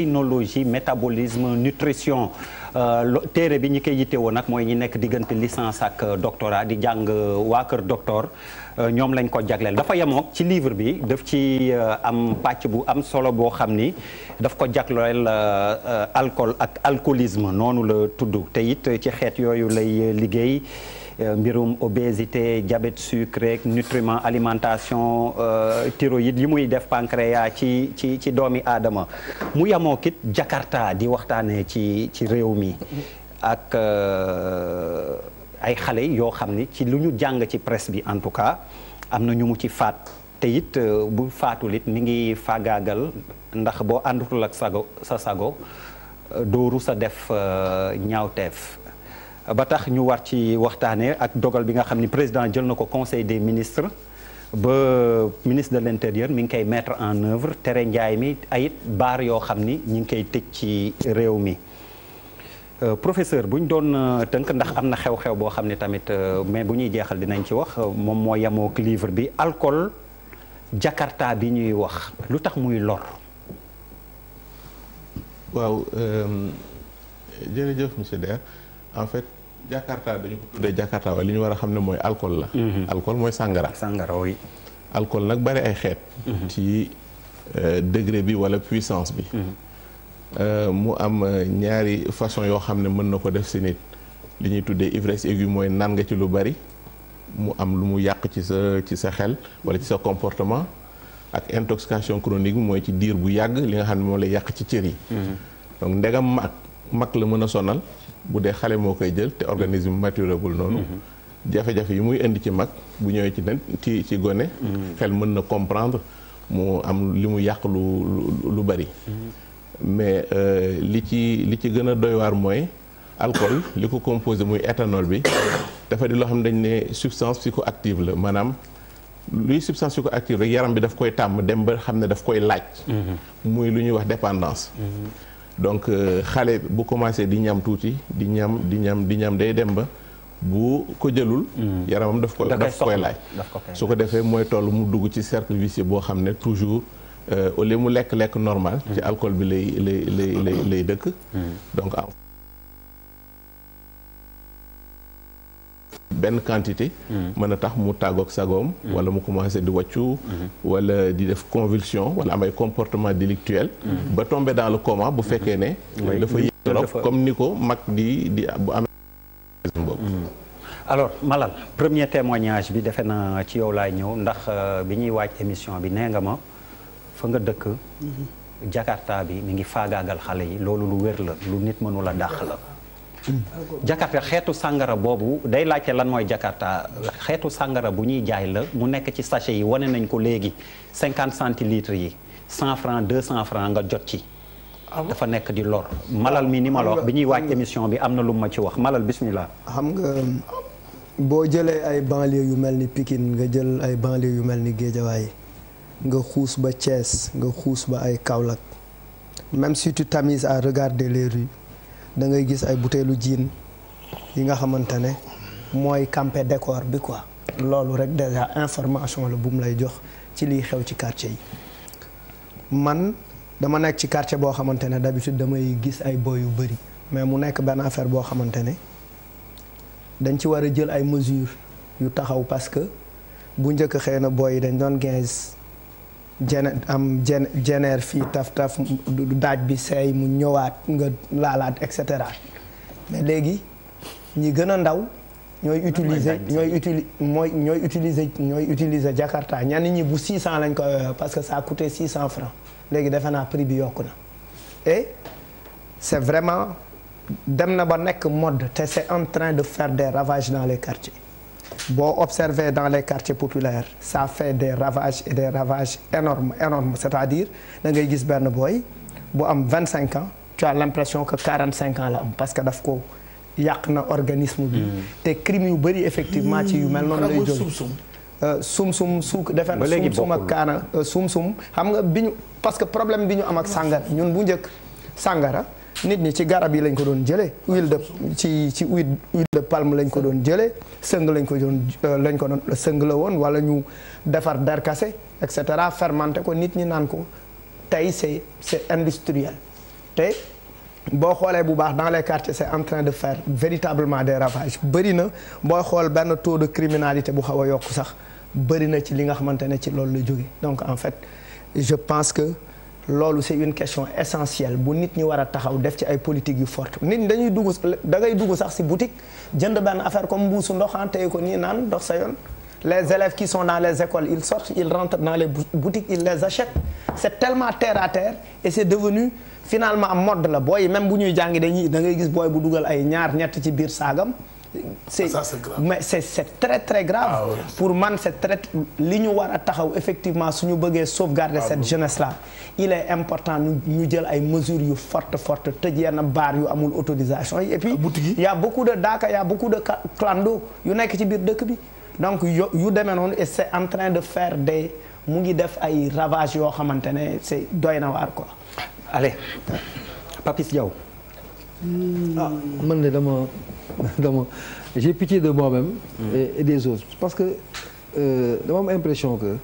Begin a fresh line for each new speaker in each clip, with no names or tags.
technologie métabolisme nutrition euh, téere bi ñi koy yitte woon nag mooy ñi nekk diggante licence ak euh, doctorat di jàng euh, waa kër ñoom lañ ko jagleel dafa yemook ci livre bi daf ci am pàcc bu am solo boo xam ni daf ko jagleel alcool ak alcoolisme noonu la tudd te it ci xeet yooyu lay liggéey Euh, mbirum obésité diabète sucre nutriment alimentation euh, thyroïde yi muy def pancréas ci ci ci doomi aadama mu yamoo kit Jakarta di waxtaanee ci ci réew mi ak euh, ay xale yoo xam ni ci lu ñu jàng ci presse bi en tout cas am na ñu mu ci faat te it bu faatul it mi ngi fagaagal ndax boo àndutul ak sago sa sago dooru sa def ñaawteef ba tax ñu war ci waxtaanee ak dogal bi nga xam ni président jël na ko conseil des ministre ba ministre de l'intérieur mi ngi koy mettre en œuvre tere njaay mi ayit baar yoo xam ni ñu ngi koy tëj ci réew mi. Euh, professeur bu ñu doon euh, tënk ndax am na xew-xew boo xam ne tamit euh, mais bu ñuy jeexal dinañ ci wax moom moo yemoo livre bi alcool Jakarta bi ñuy wax lu tax muy lor.
waaw jërëjëf Jakarta dañu ko tuddee Jakarta waaye li ñu war a xam ne mooy alcool la. Mhm. alcool mooy sàngara. sàngara oui. alcool nag bari ay xeet. Mhm. ci euh, degré bi wala puissance bi. Mhm. Euh, mu am euh, ñaari façon yoo xam ne mën na ko def si nit li ñuy tuddee ivresse aiguë mooy naan nga ci lu bari mu am lu mu yàq ci sa ci sa xel wala ci sa comportement ak intoxication chronique mooy ci diir bu yàgg li nga xam ne moom lay yàq ci cër yi. donc ndegam mag mag la mën a sonal. bu dee xale moo koy jël te organisme mature gul noonu mhm. jafe-jafe yi muy indi ci mag bu ñëwee ci nen ci ci gone mhm. xel mën na comprendre mu am li mu yàq lu lu bari mhm. mais euh, li ci li ci gën a doy mooy alcool li ko composé muy éthanol bi dafa di loo xam ne dañ ne substance psychoactive la maanaam luy substance psychoactive rek yaram bi daf koy tàmm dem ba xam ne daf koy laaj muy lu ñuy wax dépendance donc euh, xale bu commencé di ñam tuuti di ñam di ñam di ñam day dem ba bu ko jëlul. Hmm. yaramam daf ko daf koy laaj. su ko defee mooy toll mu dugg ci cercle vicieux boo xam ne toujours euh, au lieu mu lekk lekk normal. ci hmm. alcool bi lay lay lay lay lay dëkk. Hmm. donc benn quantité mm-hmm. mën a tax mu tàggoog sagoom mm-hmm. wala mu commencé di wàccu mm-hmm. wala di def convulsion wala amay comportement délictuel ba tombe dans le coma
bu fekkee ne dafa yéeg trop comme ni ko
mag di di bu amee boobu
alors Malal premier témoignage bi defe na ci yow laay ñëw ndax euh, bi ñuy waaj émission bi nee nga ma fa nga dëkk Jakarta bi mi ngi faagaagal xale yi loolu lu wér la lu nit mënula dàq la jakarta xeetu sàngara boobu day laajte lan mooy jakarta xeetu sàngara bu ñuy jaay la mu nekk ci sachet yi wane nañ ko léegi cinquante centilitres yi cent franc deux cent franc nga jot ci ah dafa nekk di lor malal mi ni ma la bi ñuy waaj émission bi am na lu ma ci wax malal bismillah xam
nga boo jëlee ay banlieue yu mel ni Pikine nga jël ay banlieue yu mel ni Géejawaay nga xuus ba Thiès nga xuus ba ay Kaolack même surtout tu tamises à regarder les rues da ngay gis ay butéelu jiin yi nga xamante ne mooy campé décor bi quoi. loolu rek déjà information la bu mu lay jox ci liy xew ci quartier yi man dama nekk ci quartier boo xamante ne d'habitude damay gis ay boy yu bëri mais mu nekk benn affaire boo xamante ne dañ ci war a jël ay mesures yu taxaw parce que bu njëkk xëy na boy yi dañ doon 15 jene am jen jeneer fii taf-taf daaj bi seey mu ñëwaat nga laalaat et cetera mais léegi ñi gën a ndaw ñooy utiliser ñooy utili mooy ñooy utiliser ñooy utiliser Jakarta ñenn ñi bu 600 lañ ko euh, parce que ça coûtait 600 francs léegi defe naa prix bi yokku na e c'est vraiment dem na ba nekk mode te c'est en train de faire de ravages dans les quartiers boo observé dans les quartiers populaires ça fait des ravages et des ravage énormes énormes c'est-à-dire da ngay gis benn booy bu am vingt cinq ans tu as l'impression que la am parce que daf ko yàq na organisme bi hmm. te crimes yu bëri effectivement ci yu mel noonu lay hmm. jóge euh, sum-sum suuk na sum-sum ak kaana euh, sum-sum xam nga bi ñu parce que problème bi ñu am ak sàngara ñun bu njëkk sàngara nit ñi ci garab yi lañ ko doon jëlee huile de ci ci huile de palme lañ ko doon jëlee sëng lañ ko doon euh, lañ ko doon sëng la woon wala ñu defar derkase et cetera fermenté ko nit ñi naan ko tey c'est c'est industriel te boo xoolee bu baax dans les quartiers c'est en train de faire véritablement de ravages bëri na booy xool benn taux de criminalité bu xaw a yokk sax bëri na ci li nga xamante ne ci loolu la jóge donc en fait je pense que loolu c'est une question essentielle bu nit ñi war a taxaw def ci ay politique yu forte nit ñi dañuy dugg da ngay dugg sax si boutique jënd benn affaire comme mbuusu ndox ah, tey ko nii naan dox sa yoon les élèves qui sont dans les écoles ils sortent ils rentrent dans les boutiques ils les achètent c'est tellement terre à terre et c'est devenu finalement mode la booy même bu ñuy jàngi dañuy da ngay gis booy bu dugal ay ñaar ñett ci biir saagam c'est mais c'est c'est très très grave ah pour man c'est très li ñu war a taxaw effectivement suñu bëggee sauvegarder ah cette jeunesse là il est important ñu jël ay mesures yu forte forte tëj na baar yu amul autorisation et puis ah, y a beaucoup de daaka y a beaucoup de clando yu nekk ci biir dëkk bi donc yo yu deme noonu et c'est en train de fair des mu ngi def ay ravages yoo xamante ne c'est doy na waar quoi allez
Papis Diaw Hmm. ah man de dama dama j'ai pitié de moi-même. Hmm. et des autres parce que euh, dama am que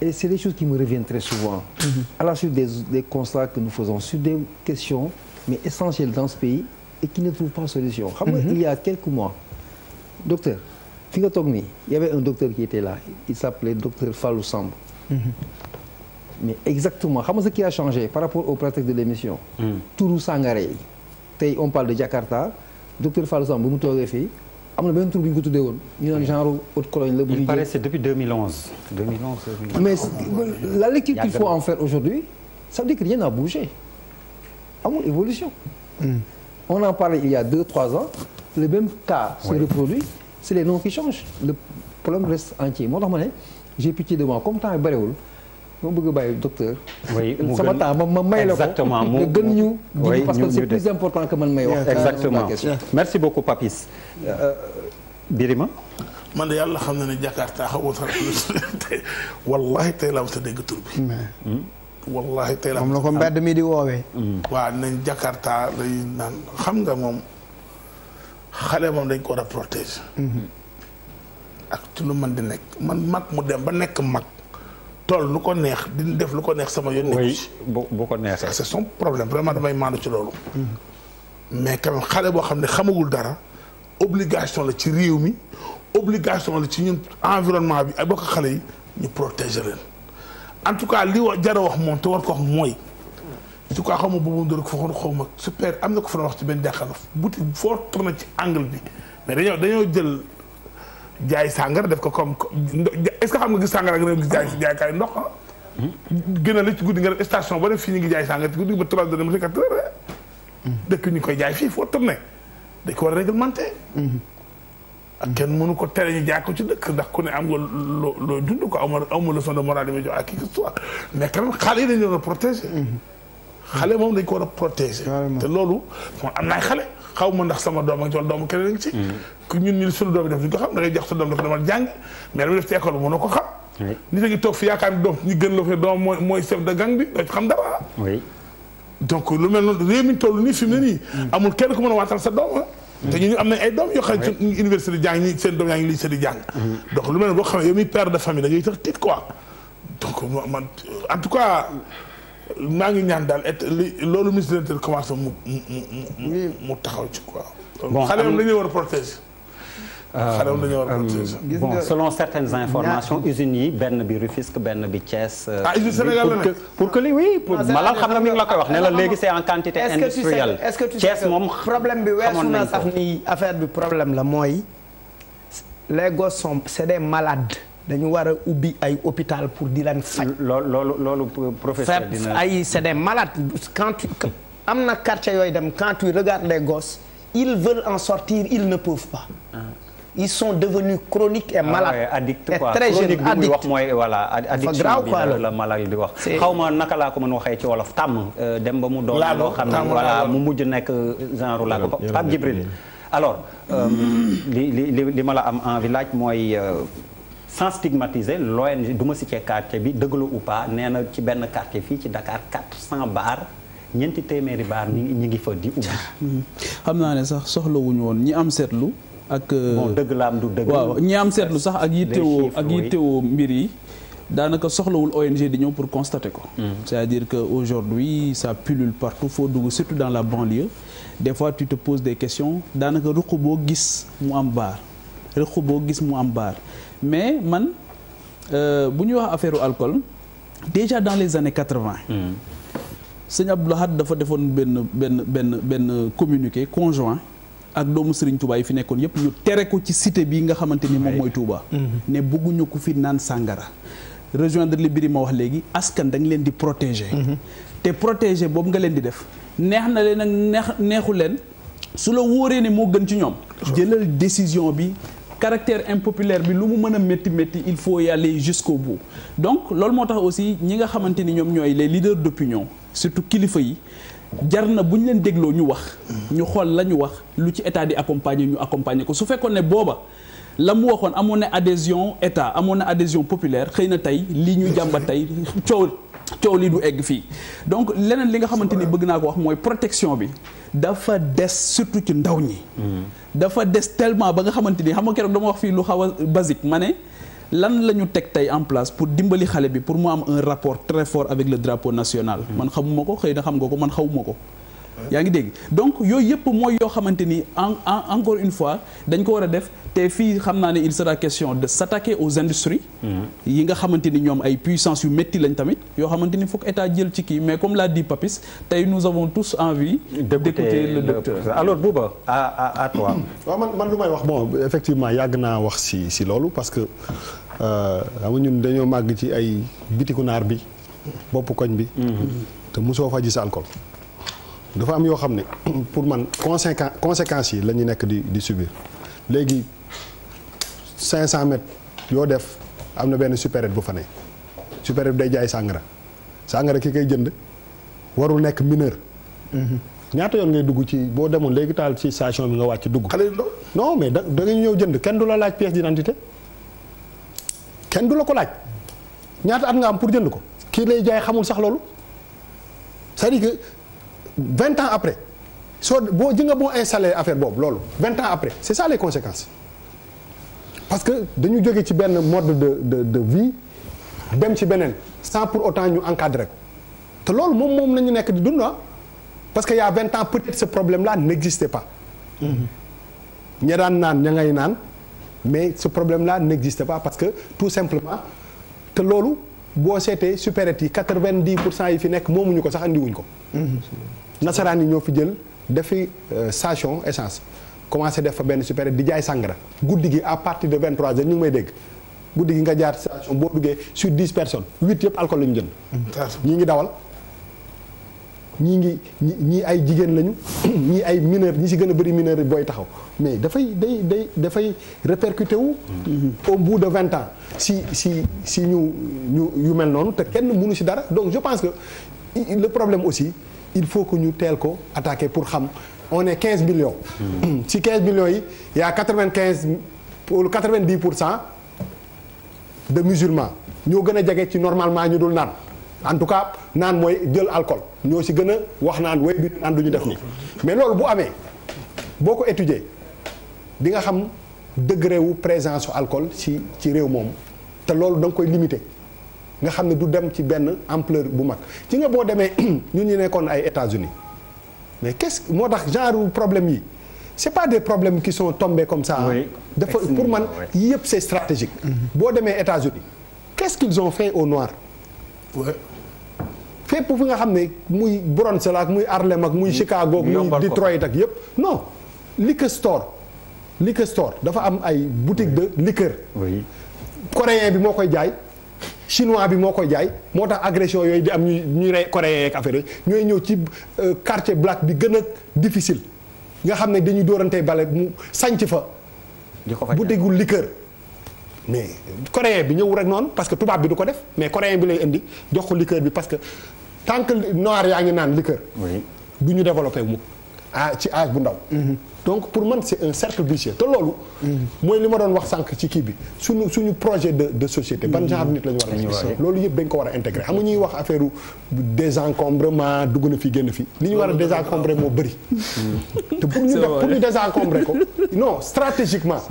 et c'est des choses qui me reviennent très souvent. Hmm. à la suite des des constats que nous faisons sur des questions mais essentielles dans ce pays et qui ne trouvent pas solution. xam nga il y a quelques mois docteur fi nga toog nii y avait un docteur qui était là il s'appelait docteur Fallou Samb. mais exactement xam nga ce qui a changé par rapport au prétexte de l'émission. turu Sangaré tey on parle de Jakarta docteur Fallou Samb bu mu toogee fii am na benn tur bu ñu ko tuddee woon ñu naan genre haute colonie la. bu ñuy jël il paraît c'est depuis 2011. 2011 mais la lecture qu'il faut en faire aujourd'hui ça veut dire que rien n'a bougé amul évolution. Hmm. on en parlait il y a 2-3 ans le même cas se reproduit c'est les noms qui changent le problème reste entier moo tax ma ne j'ai pitié de moi comme temps yi bariwul. ma bëgg a bàyyi docteur. oui ma may la ko exactement gën ñu. oui parce que c'est plus important que man may wax. exactement merci beaucoup Papis. Euh, euh, Birima.
man de yàlla xam na ne Jakarta xaw wallahi a dégg tur bi.
Hmm?
wallahi tey laa ko
mbedd mi di woowee. Hmm.
waa nañ xam nga moom xale moom dañ ko war hmm. ak ci lu man di nekk man mag mu dem ba nekk mag. toll lu ko neex di def lu ko neex sama yoon. oui bu ko neexee. c'est son problème vraiment damay mais quand boo xam ne xamagul dara obligation la ci réew mi obligation la ci ñun environnement bi ay bokk xale yi ñu protéger leen en tout cas li wa jar wax moom te ko wax mooy. en tout cas xaw boobu xaw ma super am na ko fa wax ci benn jàkkaarloo boutique foo ci angle bi dañoo jël jaay sàngara def ko comme est-ce que xam nga gis sàngara nga dem gis jaay jaaykaay ndox ah? gën a la ci guddi nga dem station ba dem fii ñu ngi jaay sàngara ci guddi ba 3 heures dem 4 heures. ñu koy jaay fii foo tourné dañ ko war a réglementé. ak kenn mënu ko tere ñu jaay ko ci dëkk ndax ku ne am nga loo loo dund ko aw ma leçon de morale yi ma jox ak kii que soit mais quand même xale yi dañu leen protégé. xale moom dañ ko war a protéger. te loolu am na xale xaw ma ndax sama doom ak wala ci. Mm. ku doom yi def duñ ko xam doom dafa demal jàng mais dama def ci école bi a ngi toog fi yaakaar ni doom ñu gën la ko doom mooy mooy chef mm. ku mën a waatal sa doom ah. mm. te ñu am nañ ay doom yoo xam ne ci di jàng donc lu mel noonu boo xam ne yow mi père de famille da ngay tax tiit quoi donc man en tout cas. maa ngi ñaan daal et loolu ministre de l'Intérieur commencé mu mu mu taxaw ci quoi. bon xale yi dañuy war a protéger. Euh, xale dañuy war a euh, protéger. bon selon
certaines informations usines yi benn bi Rufisque benn bi Thiès. Euh, ah usine Sénégal la pour que li oui pour malal xam na mi ngi la koy wax ne la léegi c'est en quantité industrielle. est-ce que tu sais Thiès moom
problème bi weesu na sax ni affaire bi problème la mooy les gosses sont c'est des malades. dañu war a ubbi hôpital
pour di leen faj. loolu loolu professeur dina
ay c'est des malades quand tu am na quartier yooyu dem quand tu regardes les ils veulent en sortir ils ne peuvent pas. Ah. ils sont devenus chroniques et ah malades. Ah ouais, et addicts wax
mooy voilà. addiction bi la malade di wax. xaw ma naka laa ko mën waxee ci wolof tàmm. Euh, dem ba mu doon loo xam ne voilà mu mujj nekk genre laa ko Pape Djibril alors euh, li ma la am en laaj mooy. Euh, sans stigmatiser l'ONG du ma cité quartier bi dëgg la ou pas nee na ci benn quartier fii ci Dakar 400 bars ñeenti téeméeri
bars ñi ngi fa di ubbi. xam naa ne sax soxlawuñu woon ñi am seetlu. ak euh, bon dëgg laam du dëgg. waaw ñi am seetlu sax ak yittewoo ak yittewoo mbir yi. daanaka soxlawul ONG di ñëw pour constater ko. Mm. c'est-à-dire que aujourd'hui ça pullule partout foo dugg surtout dans la banlieue. des fois tu te poses des questions daanaka ruq boo gis mu am baar ruq boo gis mu am baar mais man euh, bu ñuy wax affaire alcool déjà dans les années quatre-vingt. Hmm. sëñ Abdou Lahad dafa defoon benn benn benn benn communiqué conjoint ak doomu Serigne Touba yi fi nekkoon yëpp ñu tere ko ci cité bi nga xamante ni moom mooy Touba. Hmm. ne bëgguñu ko fi naan sàngara rejoindre li biri ma wax léegi askan da leen di protéger. Hmm. te protéger boobu nga leen di def neex na leen ak neex neexu leen su la wóoree ne moo gën ci ñoom. jëlal décision bi. caractère impopulaire bi lu mu mën a métti métti il faut y aller jusqu'au bout donc loolu moo tax aussi ñi nga xamante ni ñoom ñooy les leaders d'opinion surtout kilifa yi jar na bu ñu leen dégloo ñu wax. ñu xool la ñu wax lu ci état di accompagner ñu accompagner ko su fekkoon ne booba. la mu waxoon amoon na adhésion état amoon na adhésion populaire xëy na tey li ñu jàmba tey coow coow lii du egg fii donc leneen li nga xamante ni bëgg naa ko wax mooy protection bi dafa des surtout ci ndaw ñi dafa des tellement ba nga xamante ni xam nga keroog dama wax fii lu xaw a basique ma ne lan la ñu teg tey en place pour dimbali xale bi pour mu am un rapport très fort avec le drapeau national man xamuma ko xëy na xam nga ko man xawuma ko yaa ngi dégg donc yooyu yëpp mooy yoo xamante ni en encore une fois dañ ko war a def te fii xam naa ne il sera question de s'attaquer aux industries mm-hmm. yi nga xamante ni ñoom ay puissance yu métti lañ tamit yoo xamante ni foog état jël ci kii mais comme l'a dit Papis tey nous avons tous envie d'écouter le docteur alors Bouba à à toi waaw man man lu may wax bon
effectivement yàgg naa wax si si loolu parce que euh, xam nga ñun dañoo màgg ci ay bitiku naar bi bopp koñ bi mm-hmm. te mosoo fa gis dafa am yoo xam ne pour man conséquence conséquences yi la ñu nekk di di subir léegi cinq 500 mètres yoo def am na benn supérette bu fa ne supérette bi day jaay sàngara sàngara ki koy jënd warul nekk mineur. Mm-hmm. ñaata yoon ngay dugg ci boo demoon léegi taal ci station bi nga wàcc dugg. xale non mais da da nga ñëw jënd kenn du la laaj pièce d'identité kenn du la ko laaj ñaata at nga am pour jënd ko kii lay jaay xamul sax loolu cest à vingt ans après soo boo ji boo installé affaire boobu loolu vingt ans après c'est ça les conséquences parce que dañu jóge ci benn mode de de de vie dem ci beneen sans pour autant ñu encadrer te loolu moom moom nañu nekk di dund ah. parce que y a vingt ans peut-être ce problème là n'existait pas mm-hmm. ña daan naan ña ngay naan mais ce problème là n'existait pas parce que tout simplement te loolu boo seetee supérette yi quatre-vingt-dix pour cent yi fi nekk moomuñu ko sax andiwuñ ko
mm-hmm.
nasaraan yi ñoo fi jël defi euh, station essence commencé def fa benn super di jaay sàngara guddi gi à parti de 23 heures ñu may dégg guddi gi nga jaar station boo duggee sur 10 personnes 8 yëpp alcool la ñu jënd. ñii ngi dawal ñi ngi ñii ay jigéen lañu ñii ay mineur ñi si gën a bëri mineur booy taxaw mais dafay day day dafay répercuté wu. Mm-hmm. au bout de vingt ans si si si ñu ñu yu mel noonu te kenn mënu si dara donc je pense que le problème aussi. il faut que ñu teel ko attaquer pour xam on est 15 millions. ci hmm. 15 millions yi y' a 95 ou 90 pour cent de musulmans ñoo gën a jege ci normalement ñu dul naan en tout cas naan mooy jël alcool ñoo si gën a wax naan way bi naan du ñu def nii. mais loolu bu amee boo ko étudier di nga xam degré wu présence su alcool ci ci réew moom te loolu da nga koy limiter. nga xam ne du dem ci benn ampleur bu mag ci nga boo demee ñu ñu nekkoon ay États-Unis mais quest moo tax genre problème yi c'est pas des problème qui sont tombés comme ça dafa pour man yëpp c'est stratégique mm-hmm. boo demee États-Unis qu'est-ce qu'ils ont fait aux Noirs fépp fu nga xam ne muy Bronx la ak muy Harlem ak muy mm-hmm. Chicago ak muy Detroit ak yëpp non liquor store liquor store dafa am ay boutique de liqueur coréen bi moo koy jaay chinois bi moo koy jaay moo tax agression yooyu di am ñuy ñu rey coréen yeeg affaire yooyu ñooy ñëw ci euh, quartier black bi gën a difficile nga xam ne dañuy dóorantee bale mu sànc fa. bu déggul liqueur. mais coréen bi ñëw rek noonu parce que tubaab bi du ko def mais coréen bi lay indi jox ko bi parce que tant que noir yaa ngi naan liqueur. du ñu développé mu ah ci âge bu ndaw. Mm-hmm. donc pour man c' est un cercle vicieux te loolu. mooy li ma doon wax sànq ci kii bi suñu suñu projet de de société. ban genre nit la ñu war a. loolu yëpp dañ ko war a intégré xam nga ñuy wax affaire na fi génn fi. li ñu war a désencombré moo bëri.
Hmm. te pour ñu def pour ñu
ko non stratégiquement.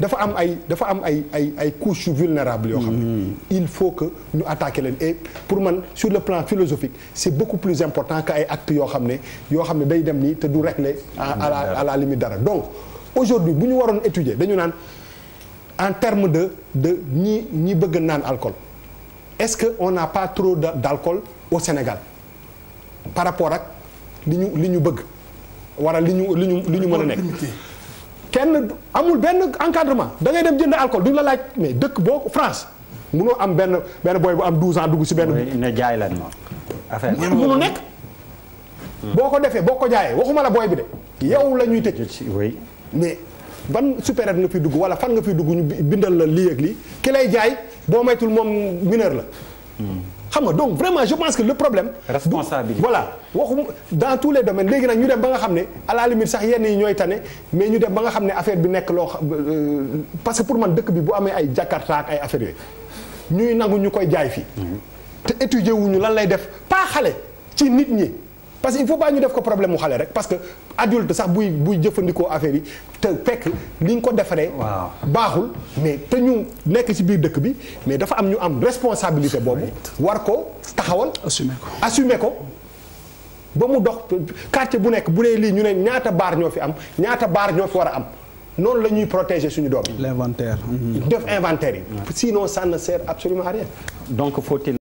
dafa am ay dafa am ay ay ay couches vulnérables yoo xam ne. Hmm. il faut que ñu attaqué leen et pour man sur le plan philosophique c' est beaucoup plus important que ay actes yoo xam ne yoo xam ne day dem nii te du régler à à la mi dara donc aujourd'hui bu ñu waroon étudier dañu naan en terme de de ñi ñi bëgg naan alcool est-ce que on n'a pas trop d'alcool au Sénégal par rapport ak li ñu li ñu bëgg wala li ñu li ñu li ñu mën a nekk kenn amul benn encadrement dangay ngay dem jënd alcool duñu la laaj mais dëkk boo ko France munoo am benn benn booy bu am 12 ans dugg si benn. ne jaay lan ma affaire bi. nekk. Hmm. boo ko defee boo ko jaayee waxuma la booy bi de. yow la ñuy tëj mais ban supérette nga fi dugg wala fan nga fi dugg ñu bindal la lii ak lii ki lay jaay boo maytul moom mineur la hmm. xam nga donc vraiment je pense que le problème responsabilité voilà waxum dans tous les domaines léegi nag ñu dem ba nga xam ne à sax yenn yi ñooy tane mais ñu dem ba nga xam ne affaire bi nekk loo euh, parce que pour man dëkk bi bu amee ay jakarta ak ay affaire yooyu ñuy nangu ñu koy jaay fii hmm. te étudier wuñu lan lay def pas xale ci nit ñi parce que il faut pas ñu def ko problème mu xale rek parce que adulte sax buy buy jëfandikoo affaire yi te fekk ni ñu ko defaree. baaxul mais te ñu nekk ci biir dëkk bi mais dafa am ñu am responsabilité boobu. war ko taxawal. assumer ko assumer ko ba mu dox quartier bu nekk bu dee lii ñu ne ñaata baar ñoo fi am ñaata baar ñoo fi war a am. noonu la ñuy protéger
suñu doom yi. l'inventaire. def inventaire yi. sinon ça ne sert absolument rien. donc faut-il